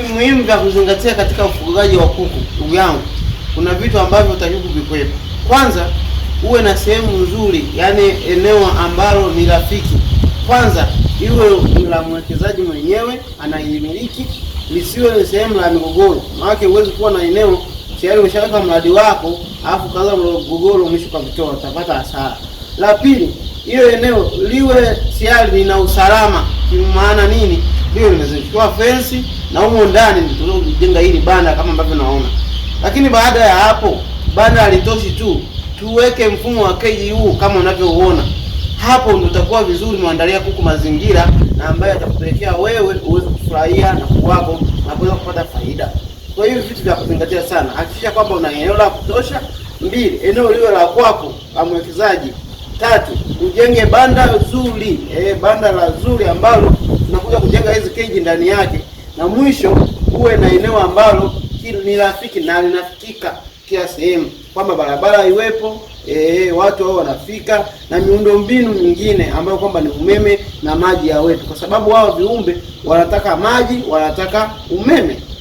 vitu muhimu vya kuzingatia katika ufugaji wa kuku, ndugu yangu, kuna vitu ambavyo utajibu kuvikwepa. Kwanza uwe na sehemu nzuri, yaani eneo ambalo ni rafiki. Kwanza iwe ni la mwekezaji mwenyewe anaimiliki, lisiwe ni sehemu la migogoro, maanake huwezi kuwa na eneo tayari umeshaweka mradi wako alafu kaza mgogoro mwisho vitoa utapata hasara. La pili, hiyo eneo liwe tayari lina usalama. Maana nini? Liwe limezikiwa fence na humo ndani ndio kujenga hili banda kama ambavyo naona. Lakini baada ya hapo banda halitoshi tu, tuweke mfumo wa keji huu kama unavyouona hapo, ndio utakuwa vizuri muandalia kuku mazingira na ambaye atakupelekea wewe uweze kufurahia na kuku wako na kuweza kupata faida. Kwa hiyo vitu vya kuzingatia sana, hakikisha kwamba una eneo la kutosha. Mbili, eneo liwe la kwako la mwekezaji. Tatu, ujenge banda zuri, eh, banda la zuri ambalo tunakuja kujenga hizi keji ndani yake na mwisho uwe na eneo ambalo ni rafiki na linafikika kila sehemu, kwamba barabara iwepo, e, watu hao wanafika na miundombinu mingine ambayo kwamba ni umeme na maji yawepo, kwa sababu hao viumbe wanataka maji, wanataka umeme.